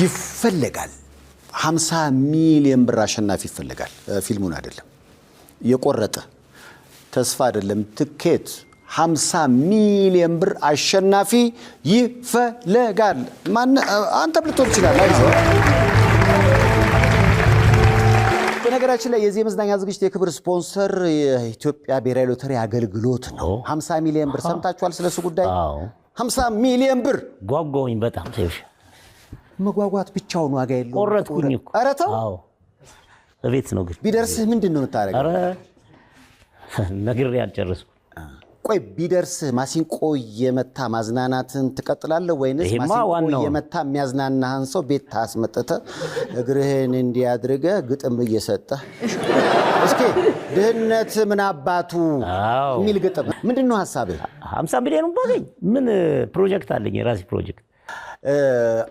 ይፈለጋል። 50 ሚሊዮን ብር አሸናፊ ይፈለጋል። ፊልሙን አይደለም የቆረጠ ተስፋ አይደለም ትኬት 50 ሚሊዮን ብር አሸናፊ ይፈለጋል። አንተ ልትሆን ይችላል። በነገራችን ላይ የዚህ የመዝናኛ ዝግጅት የክብር ስፖንሰር የኢትዮጵያ ብሔራዊ ሎተሪ አገልግሎት ነው። 50 ሚሊዮን ብር ሰምታችኋል። ስለሱ ጉዳይ 50 ሚሊዮን ብር ጓጓኝ በጣም መጓጓት ብቻውን ዋጋ የለውም። ቆረጥኩኝ እኮ ኧረ ተው እቤት ነው ግን ቢደርስህ ምንድን ነው የምታደርገው? ነግሬ አልጨረስኩም። ቆይ ቢደርስህ ማሲንቆ የመታ ማዝናናትን ትቀጥላለህ ወይንስ ማሲንቆ የመታ የሚያዝናናህን ሰው ቤት ታስመጥተህ እግርህን እንዲያድርገህ ግጥም እየሰጠህ እስኪ ድህነት ምን አባቱ የሚል ግጥም ምንድን ነው ሀሳብህ? ሀምሳ ሚሊዮን ባገኝ ምን ፕሮጀክት አለኝ የራሴ ፕሮጀክት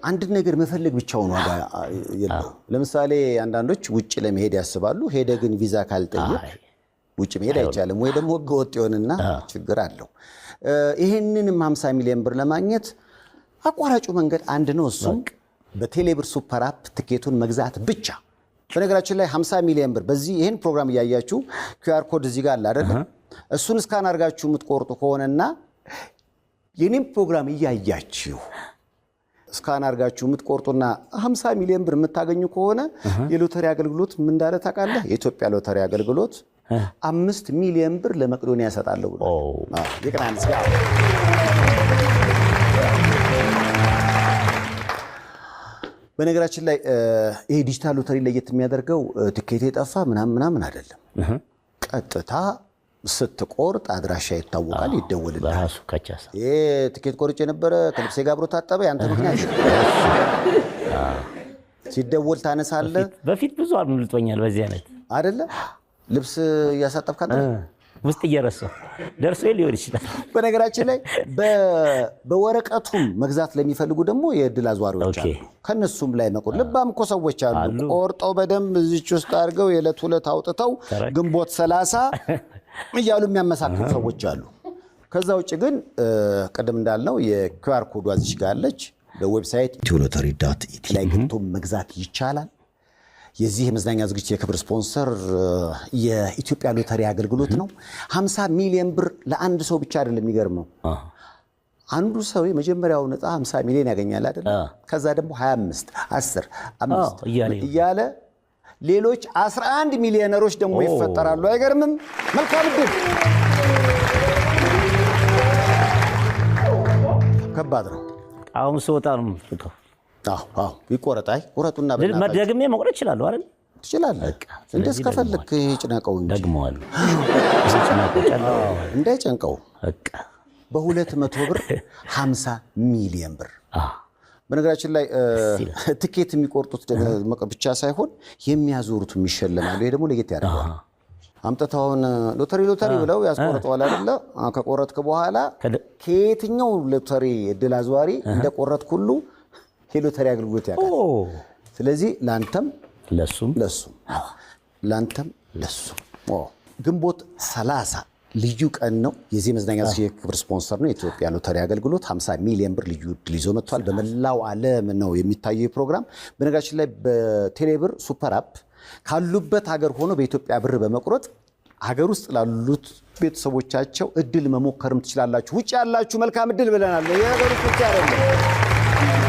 አንድን ነገር መፈለግ ብቻውን ዋጋ የለው። ለምሳሌ አንዳንዶች ውጭ ለመሄድ ያስባሉ። ሄደ ግን ቪዛ ካልጠየቅ ውጭ መሄድ አይቻልም፣ ወይ ደግሞ ወጥ ይሆንና ችግር አለው። ይህንንም 50 ሚሊዮን ብር ለማግኘት አቋራጩ መንገድ አንድ ነው። እሱም በቴሌብር ሱፐር አፕ ትኬቱን መግዛት ብቻ። በነገራችን ላይ 50 ሚሊዮን ብር በዚህ ይህን ፕሮግራም እያያችሁ ኪዩአር ኮድ እዚህ ጋር አለ አይደለም? እሱን እስካን አድርጋችሁ የምትቆርጡ ከሆነና የኔም ፕሮግራም እያያችሁ እስካን አድርጋችሁ የምትቆርጡና 50 ሚሊዮን ብር የምታገኙ ከሆነ የሎተሪ አገልግሎት ምን እንዳለ ታውቃለህ? የኢትዮጵያ ሎተሪ አገልግሎት አምስት ሚሊዮን ብር ለመቅዶኒያ ያሰጣለሁ በነገራችን ላይ ይሄ ዲጂታል ሎተሪ ለየት የሚያደርገው ትኬት የጠፋ ምናምን ምናምን አይደለም። ቀጥታ ስትቆርጥ አድራሻ ይታወቃል፣ ይደወልልሃል። ትኬት ቆርጬ የነበረ ከልብሴ ጋር አብሮ ታጠበ። ያንተ ምክንያት ሲደወል ታነሳለህ። በፊት ብዙ አምልጦኛል በዚህ አይነት አይደለ። ልብስ እያሳጠብክ አንተ ውስጥ እየረሳሁ ደርሶ ሊሆን ይችላል። በነገራችን ላይ በወረቀቱም መግዛት ለሚፈልጉ ደግሞ የእድል አዟሪዎች አሉ። ከነሱም ላይ መቆር ልባም እኮ ሰዎች አሉ። ቆርጠው በደንብ እዚች ውስጥ አድርገው የዕለት ሁለት አውጥተው ግንቦት ሰላሳ እያሉ የሚያመሳክሩ ሰዎች አሉ። ከዛ ውጭ ግን ቅድም እንዳልነው የኪውአር ኮዱ እዚች ጋር አለች። በዌብሳይት ሎተሪ ዳት ኢቲ ላይ ገብቶ መግዛት ይቻላል። የዚህ የመዝናኛ ዝግጅት የክብር ስፖንሰር የኢትዮጵያ ሎተሪ አገልግሎት ነው። 50 ሚሊዮን ብር ለአንድ ሰው ብቻ አይደለም። የሚገርመው አንዱ ሰው የመጀመሪያው ነጻ 50 ሚሊዮን ያገኛል አይደለም። ከዛ ደግሞ 25 10 5 እያለ ሌሎች 11 ሚሊዮነሮች ደግሞ ይፈጠራሉ። አይገርምም? መልካም ድል። ከባድ ነው። አሁን ስወጣ ነው የምትወጣው። ይቆረጣይ ቁረጡና መደግሜ መቁረጥ ይችላሉ አይደል? ትችላለህ። እንደስከፈልክ ጭነቀው እንጂ ደግመዋል። እንዳይጨንቀው በሁለት መቶ ብር 50 ሚሊዮን ብር በነገራችን ላይ ትኬት የሚቆርጡት ብቻ ሳይሆን የሚያዞሩት የሚሸለማሉ። ይሄ ደግሞ ለየት ያደርገዋል። አምጥተውን ሎተሪ ሎተሪ ብለው ያስቆርጠዋል አይደለ? ከቆረጥክ በኋላ ከየትኛው ሎተሪ እድል አዘዋሪ እንደቆረጥክ ሁሉ የሎተሪ አገልግሎት ያውቃል። ስለዚህ ለአንተም ለሱም ለሱም ለአንተም ለሱም ግንቦት ሰላሳ ልዩ ቀን ነው። የዚህ መዝናኛ ክብር ስፖንሰር ነው የኢትዮጵያ ሎተሪ አገልግሎት። 50 ሚሊዮን ብር ልዩ እድል ይዞ መጥቷል። በመላው ዓለም ነው የሚታየው ፕሮግራም። በነገራችን ላይ በቴሌብር ሱፐር አፕ ካሉበት ሀገር ሆኖ በኢትዮጵያ ብር በመቁረጥ ሀገር ውስጥ ላሉት ቤተሰቦቻቸው እድል መሞከርም ትችላላችሁ። ውጭ ያላችሁ መልካም እድል ብለናል። የሀገር ውስጥ ብቻ አይደለም።